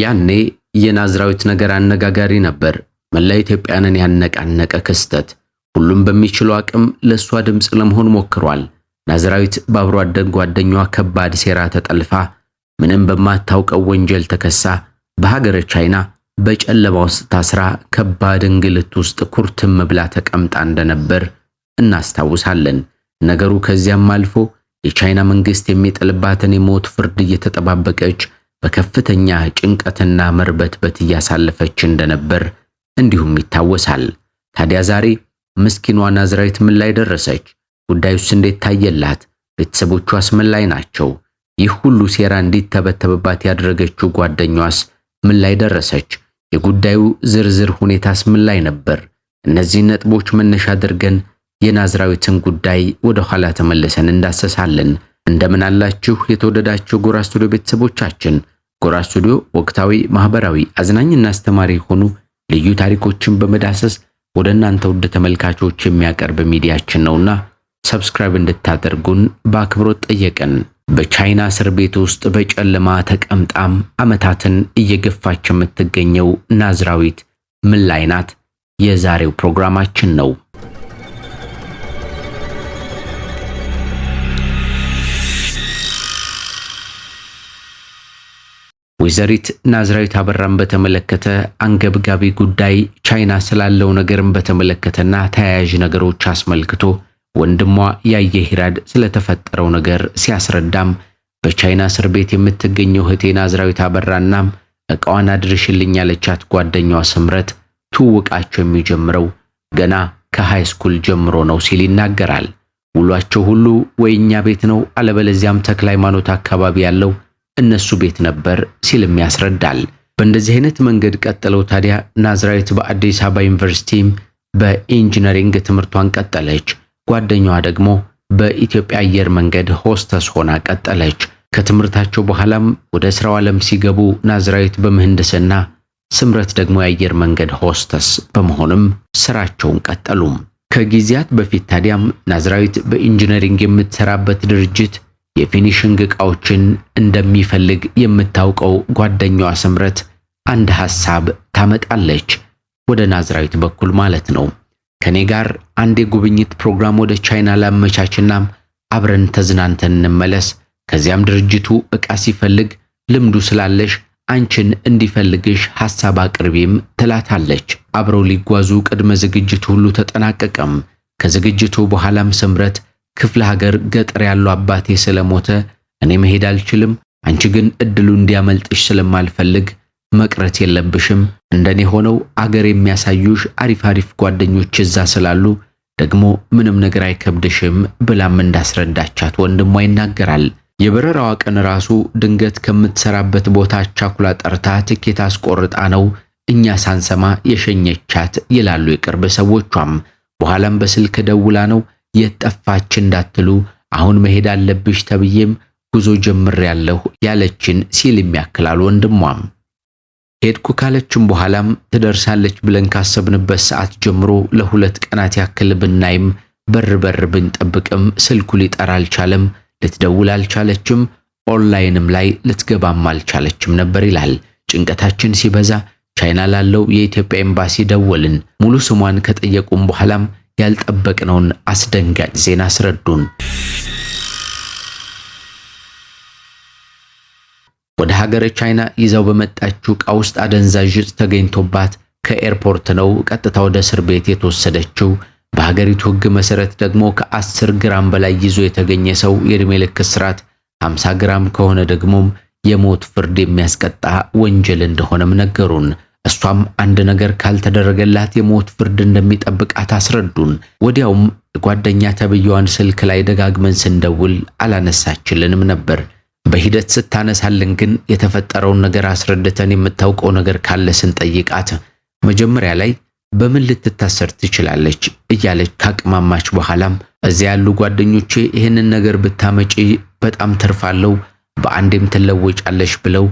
ያኔ የናዝራዊት ነገር አነጋጋሪ ነበር። መላ ኢትዮጵያንን ያነቃነቀ ክስተት። ሁሉም በሚችለው አቅም ለእሷ ድምፅ ለመሆን ሞክሯል። ናዝራዊት በአብሮ አደግ ጓደኛዋ ከባድ ሴራ ተጠልፋ ምንም በማታውቀው ወንጀል ተከሳ በሀገረ ቻይና በጨለማ ውስጥ ታስራ ከባድ እንግልት ውስጥ ኩርትም ብላ ተቀምጣ እንደነበር እናስታውሳለን። ነገሩ ከዚያም አልፎ የቻይና መንግስት የሚጥልባትን የሞት ፍርድ እየተጠባበቀች በከፍተኛ ጭንቀትና መርበትበት እያሳለፈች እንደነበር እንዲሁም ይታወሳል። ታዲያ ዛሬ ምስኪኗ ናዝራዊት ምን ላይ ደረሰች? ጉዳዩስ እንዴት ታየላት? ቤተሰቦቿስ ምን ላይ ናቸው? ይህ ሁሉ ሴራ እንዲተበተብባት ያደረገችው ጓደኛዋስ ምን ላይ ደረሰች? የጉዳዩ ዝርዝር ሁኔታስ ምን ላይ ነበር? እነዚህ ነጥቦች መነሻ አድርገን የናዝራዊትን ጉዳይ ወደ ኋላ ተመልሰን እንዳሰሳለን። እንደምን አላችሁ የተወደዳችሁ ጎራ ስቱዲዮ ቤተሰቦቻችን? ጎራ ስቱዲዮ ወቅታዊ፣ ማህበራዊ፣ አዝናኝና አስተማሪ የሆኑ ልዩ ታሪኮችን በመዳሰስ ወደ እናንተ ውድ ተመልካቾች የሚያቀርብ ሚዲያችን ነውና ሰብስክራይብ እንድታደርጉን በአክብሮት ጠየቅን። በቻይና እስር ቤት ውስጥ በጨለማ ተቀምጣም ዓመታትን እየገፋች የምትገኘው ናዝራዊት ምን ላይ ናት? የዛሬው ፕሮግራማችን ነው። ወይዘሪት ናዝራዊት አበራን በተመለከተ አንገብጋቢ ጉዳይ ቻይና ስላለው ነገርን በተመለከተና ተያያዥ ነገሮች አስመልክቶ ወንድሟ ያየ ሂራድ ስለተፈጠረው ነገር ሲያስረዳም በቻይና እስር ቤት የምትገኘው እህቴ ናዝራዊት አበራናም እቃዋን አድርሽልኝ ያለቻት ጓደኛዋ ስምረት ትውውቃቸው የሚጀምረው ገና ከሃይ ስኩል ጀምሮ ነው ሲል ይናገራል። ውሏቸው ሁሉ ወይኛ ቤት ነው አለበለዚያም ተክለ ሃይማኖት አካባቢ ያለው እነሱ ቤት ነበር ሲልም ያስረዳል። በእንደዚህ አይነት መንገድ ቀጥለው ታዲያ ናዝራዊት በአዲስ አበባ ዩኒቨርሲቲም በኢንጂነሪንግ ትምህርቷን ቀጠለች። ጓደኛዋ ደግሞ በኢትዮጵያ አየር መንገድ ሆስተስ ሆና ቀጠለች። ከትምህርታቸው በኋላም ወደ ስራው ዓለም ሲገቡ ናዝራዊት በምህንድስና ስምረት ደግሞ የአየር መንገድ ሆስተስ በመሆንም ስራቸውን ቀጠሉ። ከጊዜያት በፊት ታዲያም ናዝራዊት በኢንጂነሪንግ የምትሰራበት ድርጅት የፊኒሽንግ ዕቃዎችን እንደሚፈልግ የምታውቀው ጓደኛዋ ስምረት አንድ ሐሳብ ታመጣለች። ወደ ናዝራዊት በኩል ማለት ነው። ከኔ ጋር አንድ የጉብኝት ፕሮግራም ወደ ቻይና ላመቻችና አብረን ተዝናንተን እንመለስ። ከዚያም ድርጅቱ ዕቃ ሲፈልግ ልምዱ ስላለሽ አንቺን እንዲፈልግሽ ሐሳብ አቅርቤም ትላታለች። አብረው ሊጓዙ ቅድመ ዝግጅቱ ሁሉ ተጠናቀቀም። ከዝግጅቱ በኋላም ስምረት ክፍለ ሀገር ገጠር ያለው አባቴ ስለሞተ እኔ መሄድ አልችልም። አንቺ ግን እድሉ እንዲያመልጥሽ ስለማልፈልግ መቅረት የለብሽም። እንደኔ ሆነው አገር የሚያሳዩሽ አሪፍ አሪፍ ጓደኞች እዛ ስላሉ ደግሞ ምንም ነገር አይከብድሽም ብላም እንዳስረዳቻት ወንድሟ ይናገራል። የበረራዋ ቀን ራሱ ድንገት ከምትሰራበት ቦታ ቻኩላ ጠርታ ትኬት አስቆርጣ ነው እኛ ሳንሰማ የሸኘቻት ይላሉ የቅርብ ሰዎቿም። በኋላም በስልክ ደውላ ነው የጠፋች እንዳትሉ አሁን መሄድ አለብሽ ተብዬም ጉዞ ጀምሬያለሁ ያለችን ሲል የሚያክላል ወንድሟም። ሄድኩ ካለችም በኋላም ትደርሳለች ብለን ካሰብንበት ሰዓት ጀምሮ ለሁለት ቀናት ያክል ብናይም በር በር ብንጠብቅም ስልኩ ሊጠራ አልቻለም። ልትደውል አልቻለችም። ኦንላይንም ላይ ልትገባም አልቻለችም ነበር ይላል። ጭንቀታችን ሲበዛ ቻይና ላለው የኢትዮጵያ ኤምባሲ ደወልን። ሙሉ ስሟን ከጠየቁም በኋላም ያልጠበቅነውን አስደንጋጭ ዜና አስረዱን። ወደ ሀገረ ቻይና ይዘው በመጣችው ዕቃ ውስጥ አደንዛዥ ዕፅ ተገኝቶባት ከኤርፖርት ነው ቀጥታ ወደ እስር ቤት የተወሰደችው። በሀገሪቱ ሕግ መሰረት ደግሞ ከአስር ግራም በላይ ይዞ የተገኘ ሰው የዕድሜ ልክ እስራት፣ 50 ግራም ከሆነ ደግሞም የሞት ፍርድ የሚያስቀጣ ወንጀል እንደሆነም ነገሩን። እሷም አንድ ነገር ካልተደረገላት የሞት ፍርድ እንደሚጠብቃት አስረዱን። ወዲያውም ጓደኛ ተብየዋን ስልክ ላይ ደጋግመን ስንደውል አላነሳችልንም ነበር። በሂደት ስታነሳልን ግን የተፈጠረውን ነገር አስረድተን የምታውቀው ነገር ካለ ስንጠይቃት መጀመሪያ ላይ በምን ልትታሰር ትችላለች እያለች ካቅማማች በኋላም እዚያ ያሉ ጓደኞቼ ይህንን ነገር ብታመጪ በጣም ተርፋለሁ፣ በአንዴም ትለወጫለሽ ብለው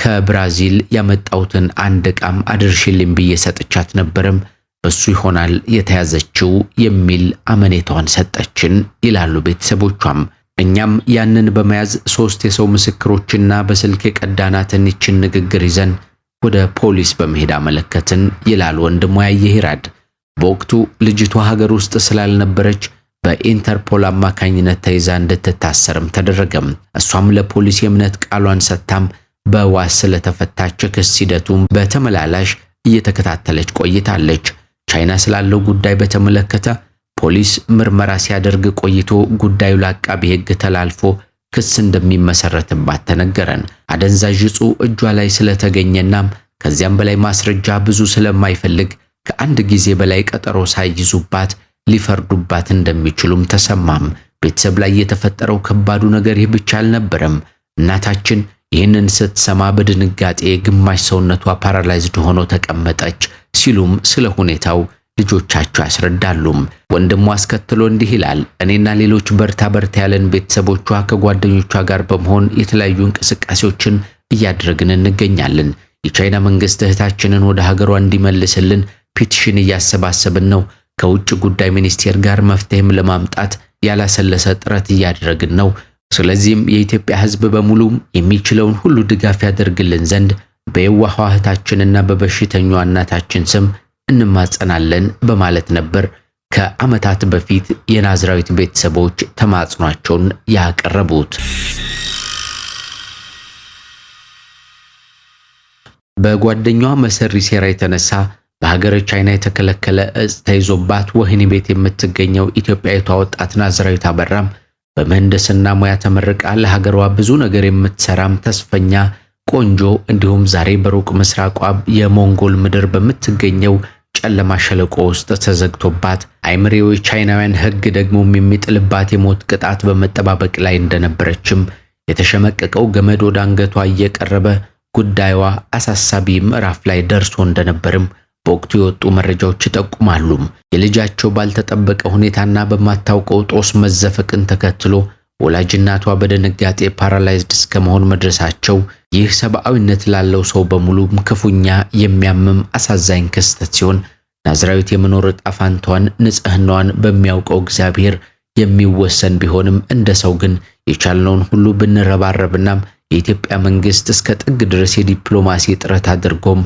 ከብራዚል ያመጣሁትን አንድ ዕቃም አድርሽልኝ ብዬ ሰጥቻት ነበርም በሱ ይሆናል የተያዘችው የሚል አመኔታዋን ሰጠችን ይላሉ ቤተሰቦቿም። እኛም ያንን በመያዝ ሶስት የሰው ምስክሮችና በስልክ የቀዳናትን ይችን ንግግር ይዘን ወደ ፖሊስ በመሄድ አመለከትን ይላል ወንድሟ ያየ ሂራድ። በወቅቱ ልጅቷ ሀገር ውስጥ ስላልነበረች በኢንተርፖል አማካኝነት ተይዛ እንድትታሰርም ተደረገም። እሷም ለፖሊስ የእምነት ቃሏን ሰጥታም በዋስ ስለተፈታች ክስ ሂደቱም በተመላላሽ እየተከታተለች ቆይታለች። ቻይና ስላለው ጉዳይ በተመለከተ ፖሊስ ምርመራ ሲያደርግ ቆይቶ ጉዳዩ ለአቃቢ ሕግ ተላልፎ ክስ እንደሚመሰረትባት ተነገረን። አደንዛዥ እጹ እጇ ላይ ስለተገኘና ከዚያም በላይ ማስረጃ ብዙ ስለማይፈልግ ከአንድ ጊዜ በላይ ቀጠሮ ሳይይዙባት ሊፈርዱባት እንደሚችሉም ተሰማም። ቤተሰብ ላይ የተፈጠረው ከባዱ ነገር ይህ ብቻ አልነበረም። እናታችን ይህንን ስትሰማ በድንጋጤ ግማሽ ሰውነቷ ፓራላይዝድ ሆኖ ተቀመጠች ሲሉም ስለ ሁኔታው ልጆቻቸው ያስረዳሉም። ወንድሟ አስከትሎ እንዲህ ይላል። እኔና ሌሎች በርታ በርታ ያለን ቤተሰቦቿ ከጓደኞቿ ጋር በመሆን የተለያዩ እንቅስቃሴዎችን እያደረግን እንገኛለን። የቻይና መንግስት እህታችንን ወደ ሀገሯ እንዲመልስልን ፒቲሽን እያሰባሰብን ነው። ከውጭ ጉዳይ ሚኒስቴር ጋር መፍትሄም ለማምጣት ያላሰለሰ ጥረት እያደረግን ነው። ስለዚህም የኢትዮጵያ ሕዝብ በሙሉ የሚችለውን ሁሉ ድጋፍ ያደርግልን ዘንድ በየዋህ እህታችንና በበሽተኛዋ እናታችን ስም እንማጸናለን በማለት ነበር ከዓመታት በፊት የናዝራዊት ቤተሰቦች ተማጽኗቸውን ያቀረቡት። በጓደኛዋ መሰሪ ሴራ የተነሳ በሀገረ ቻይና የተከለከለ እጽ ተይዞባት ወህኒ ቤት የምትገኘው ኢትዮጵያዊቷ ወጣት ናዝራዊት አበራም በምህንድስና ሙያ ተመርቃ ለሀገሯ ብዙ ነገር የምትሰራም ተስፈኛ ቆንጆ እንዲሁም ዛሬ በሩቅ ምስራቋ የሞንጎል ምድር በምትገኘው ጨለማ ሸለቆ ውስጥ ተዘግቶባት አይምሬው ቻይናውያን ሕግ ደግሞ የሚጥልባት የሞት ቅጣት በመጠባበቅ ላይ እንደነበረችም የተሸመቀቀው ገመድ ወደ አንገቷ እየቀረበ ጉዳዩዋ አሳሳቢ ምዕራፍ ላይ ደርሶ እንደነበርም በወቅቱ የወጡ መረጃዎች ይጠቁማሉ። የልጃቸው ባልተጠበቀ ሁኔታና በማታውቀው ጦስ መዘፈቅን ተከትሎ ወላጅናቷ በድንጋጤ ፓራላይዝድ እስከ መድረሳቸው ይህ ሰብአዊነት ላለው ሰው በሙሉ ክፉኛ የሚያምም አሳዛኝ ክስተት ሲሆን ናዝራዊት የመኖር ዕጣ ንጽህናዋን በሚያውቀው እግዚአብሔር የሚወሰን ቢሆንም እንደ ሰው ግን የቻልነውን ሁሉ ብንረባረብና የኢትዮጵያ መንግስት እስከ ጥግ ድረስ የዲፕሎማሲ ጥረት አድርጎም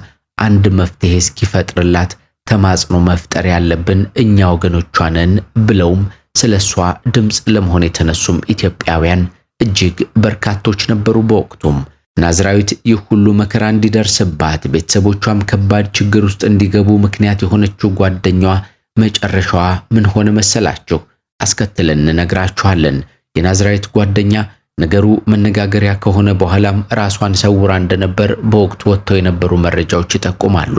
አንድ መፍትሄ እስኪፈጥርላት ተማጽኖ መፍጠር ያለብን እኛ ወገኖቿ ነን ብለውም ስለ እሷ ድምፅ ለመሆን የተነሱም ኢትዮጵያውያን እጅግ በርካቶች ነበሩ። በወቅቱም ናዝራዊት ይህ ሁሉ መከራ እንዲደርስባት ቤተሰቦቿም ከባድ ችግር ውስጥ እንዲገቡ ምክንያት የሆነችው ጓደኛዋ መጨረሻዋ ምን ሆነ መሰላችሁ? አስከትለን እንነግራችኋለን። የናዝራዊት ጓደኛ ነገሩ መነጋገሪያ ከሆነ በኋላም ራሷን ሰውራ እንደነበር በወቅቱ ወጥተው የነበሩ መረጃዎች ይጠቁማሉ።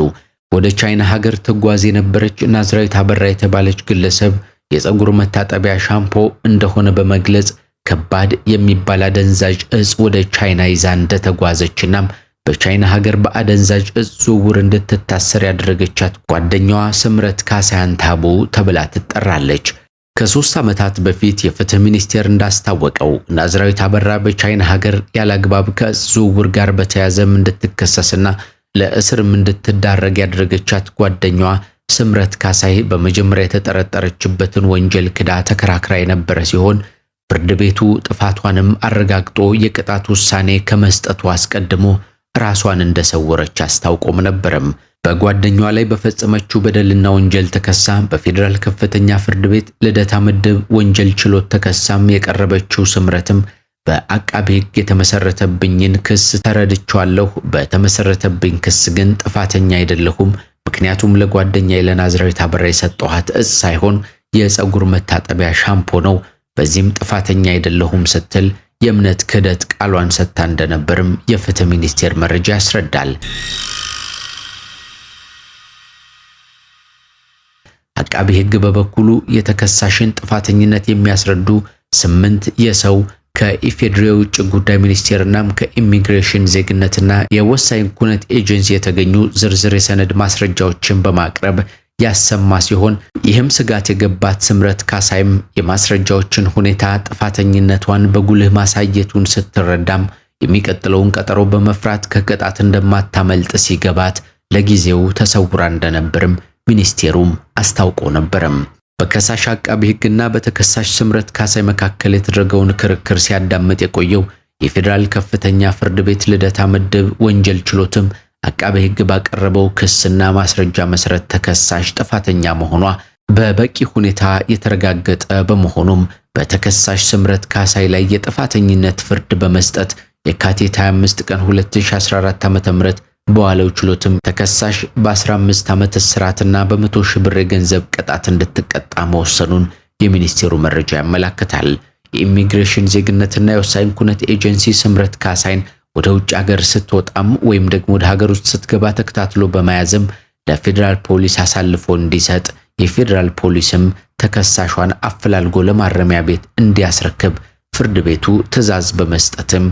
ወደ ቻይና ሀገር ትጓዝ የነበረች ናዝራዊት አበራ የተባለች ግለሰብ የፀጉር መታጠቢያ ሻምፖ እንደሆነ በመግለጽ ከባድ የሚባል አደንዛዥ እጽ ወደ ቻይና ይዛ እንደተጓዘችናም በቻይና ሀገር በአደንዛዥ እጽ ዝውውር እንድትታሰር ያደረገቻት ጓደኛዋ ስምረት ካሳያን ታቡ ተብላ ትጠራለች። ከሶስት ዓመታት በፊት የፍትህ ሚኒስቴር እንዳስታወቀው ናዝራዊት አበራ በቻይና ሀገር ያለአግባብ ከእጽ ዝውውር ጋር በተያያዘም እንድትከሰስና ለእስርም እንድትዳረግ ያደረገቻት ጓደኛዋ ስምረት ካሳይ በመጀመሪያ የተጠረጠረችበትን ወንጀል ክዳ ተከራክራ የነበረ ሲሆን ፍርድ ቤቱ ጥፋቷንም አረጋግጦ የቅጣት ውሳኔ ከመስጠቱ አስቀድሞ ራሷን እንደሰወረች አስታውቆም ነበረም። በጓደኛዋ ላይ በፈጸመችው በደልና ወንጀል ተከሳ በፌዴራል ከፍተኛ ፍርድ ቤት ልደታ ምድብ ወንጀል ችሎት ተከሳም የቀረበችው ስምረትም በአቃቤ ሕግ የተመሰረተብኝን ክስ ተረድቻለሁ፣ በተመሰረተብኝ ክስ ግን ጥፋተኛ አይደለሁም። ምክንያቱም ለጓደኛ ለናዝራዊት አበራ የሰጠኋት እጽ ሳይሆን የፀጉር መታጠቢያ ሻምፖ ነው። በዚህም ጥፋተኛ አይደለሁም ስትል የእምነት ክህደት ቃሏን ሰጥታ እንደነበርም የፍትህ ሚኒስቴር መረጃ ያስረዳል። አቃቢ ሕግ በበኩሉ የተከሳሽን ጥፋተኝነት የሚያስረዱ ስምንት የሰው ከኢፌዴሪ የውጭ ጉዳይ ሚኒስቴርና ከኢሚግሬሽን ዜግነትና የወሳኝ ኩነት ኤጀንሲ የተገኙ ዝርዝር የሰነድ ማስረጃዎችን በማቅረብ ያሰማ ሲሆን ይህም ስጋት የገባት ስምረት ካሳይም የማስረጃዎችን ሁኔታ ጥፋተኝነቷን በጉልህ ማሳየቱን ስትረዳም የሚቀጥለውን ቀጠሮ በመፍራት ከቅጣት እንደማታመልጥ ሲገባት ለጊዜው ተሰውራ እንደነበርም ሚኒስቴሩም አስታውቆ ነበርም። በከሳሽ አቃቢ ሕግና በተከሳሽ ስምረት ካሳይ መካከል የተደረገውን ክርክር ሲያዳምጥ የቆየው የፌዴራል ከፍተኛ ፍርድ ቤት ልደታ ምድብ ወንጀል ችሎትም አቃቤ ሕግ ባቀረበው ክስና ማስረጃ መሰረት ተከሳሽ ጥፋተኛ መሆኗ በበቂ ሁኔታ የተረጋገጠ በመሆኑም በተከሳሽ ስምረት ካሳይ ላይ የጥፋተኝነት ፍርድ በመስጠት የካቲት 25 ቀን 2014 ዓ.ም በዋለው ችሎትም ተከሳሽ በ15 ዓመት እስራትና በ100 ሺህ ብር የገንዘብ ቅጣት እንድትቀጣ መወሰኑን የሚኒስቴሩ መረጃ ያመላክታል። የኢሚግሬሽን ዜግነትና የወሳኝ ኩነት ኤጀንሲ ስምረት ካሳይን ወደ ውጭ ሀገር ስትወጣም ወይም ደግሞ ወደ ሀገር ውስጥ ስትገባ ተከታትሎ በመያዝም ለፌዴራል ፖሊስ አሳልፎ እንዲሰጥ የፌዴራል ፖሊስም ተከሳሿን አፈላልጎ ለማረሚያ ቤት እንዲያስረክብ ፍርድ ቤቱ ትዕዛዝ በመስጠትም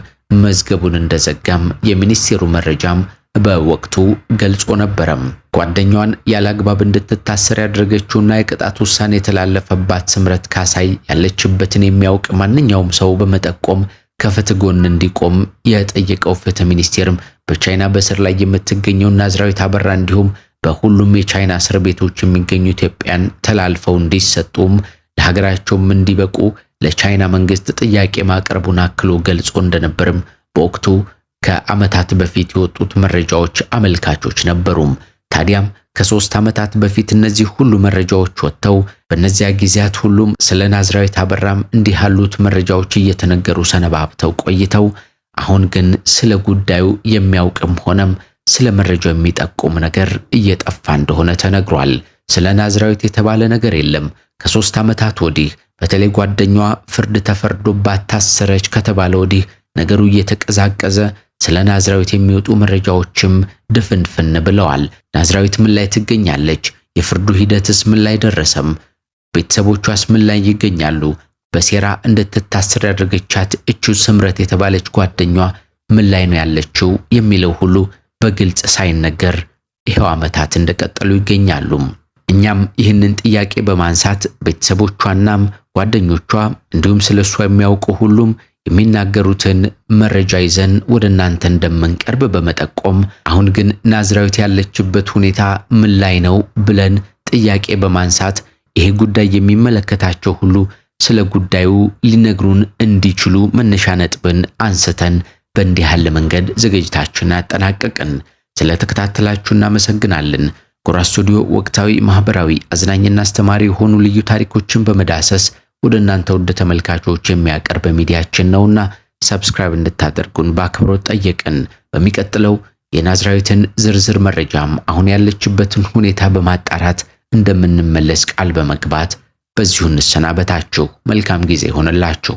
መዝገቡን እንደዘጋም የሚኒስቴሩ መረጃም በወቅቱ ገልጾ ነበረም። ጓደኛዋን ያለ እንድትታሰር ያደረገችውና የቅጣት ውሳኔ የተላለፈባት ስምረት ካሳይ ያለችበትን የሚያውቅ ማንኛውም ሰው በመጠቆም ከፍትህ ጎን እንዲቆም የጠየቀው ፍትህ ሚኒስቴርም በቻይና በእስር ላይ የምትገኘው ናዝራዊት አበራ እንዲሁም በሁሉም የቻይና እስር ቤቶች የሚገኙ ኢትዮጵያን ተላልፈው እንዲሰጡም ለሀገራቸውም እንዲበቁ ለቻይና መንግስት ጥያቄ ማቅረቡን አክሎ ገልጾ እንደነበርም በወቅቱ ከዓመታት በፊት የወጡት መረጃዎች አመልካቾች ነበሩም። ታዲያም ከሶስት ዓመታት በፊት እነዚህ ሁሉ መረጃዎች ወጥተው በእነዚያ ጊዜያት ሁሉም ስለ ናዝራዊት አበራም እንዲህ ያሉት መረጃዎች እየተነገሩ ሰነባብተው ቆይተው አሁን ግን ስለ ጉዳዩ የሚያውቅም ሆነም ስለ መረጃው የሚጠቁም ነገር እየጠፋ እንደሆነ ተነግሯል። ስለ ናዝራዊት የተባለ ነገር የለም። ከሶስት ዓመታት ወዲህ በተለይ ጓደኛዋ ፍርድ ተፈርዶባት ታሰረች ከተባለ ወዲህ ነገሩ እየተቀዛቀዘ ስለ ናዝራዊት የሚወጡ መረጃዎችም ድፍንፍን ብለዋል። ናዝራዊት ምን ላይ ትገኛለች? የፍርዱ ሂደትስ ምን ላይ ደረሰም? ቤተሰቦቿስ ምን ላይ ይገኛሉ? በሴራ እንድትታሰር ያደረገቻት እቹ ስምረት የተባለች ጓደኛ ምን ላይ ነው ያለችው የሚለው ሁሉ በግልጽ ሳይነገር ይኸው ዓመታት እንደቀጠሉ ይገኛሉ። እኛም ይህንን ጥያቄ በማንሳት ቤተሰቦቿናም ጓደኞቿ እንዲሁም ስለሷ የሚያውቁ ሁሉም የሚናገሩትን መረጃ ይዘን ወደ እናንተ እንደምንቀርብ በመጠቆም አሁን ግን ናዝራዊት ያለችበት ሁኔታ ምን ላይ ነው ብለን ጥያቄ በማንሳት ይሄ ጉዳይ የሚመለከታቸው ሁሉ ስለ ጉዳዩ ሊነግሩን እንዲችሉ መነሻ ነጥብን አንስተን በእንዲህ ያለ መንገድ ዝግጅታችንን አጠናቀቅን። ስለ እናመሰግናለን። ጎራ ስቱዲዮ ወቅታዊ፣ ማህበራዊ፣ አዝናኝና አስተማሪ የሆኑ ልዩ ታሪኮችን በመዳሰስ ወደ እናንተ ውድ ተመልካቾች የሚያቀርብ ሚዲያችን ነውና ሰብስክራይብ እንድታደርጉን በአክብሮት ጠየቅን። በሚቀጥለው የናዝራዊትን ዝርዝር መረጃም አሁን ያለችበትን ሁኔታ በማጣራት እንደምንመለስ ቃል በመግባት በዚሁ እንሰናበታችሁ። መልካም ጊዜ ሆነላችሁ።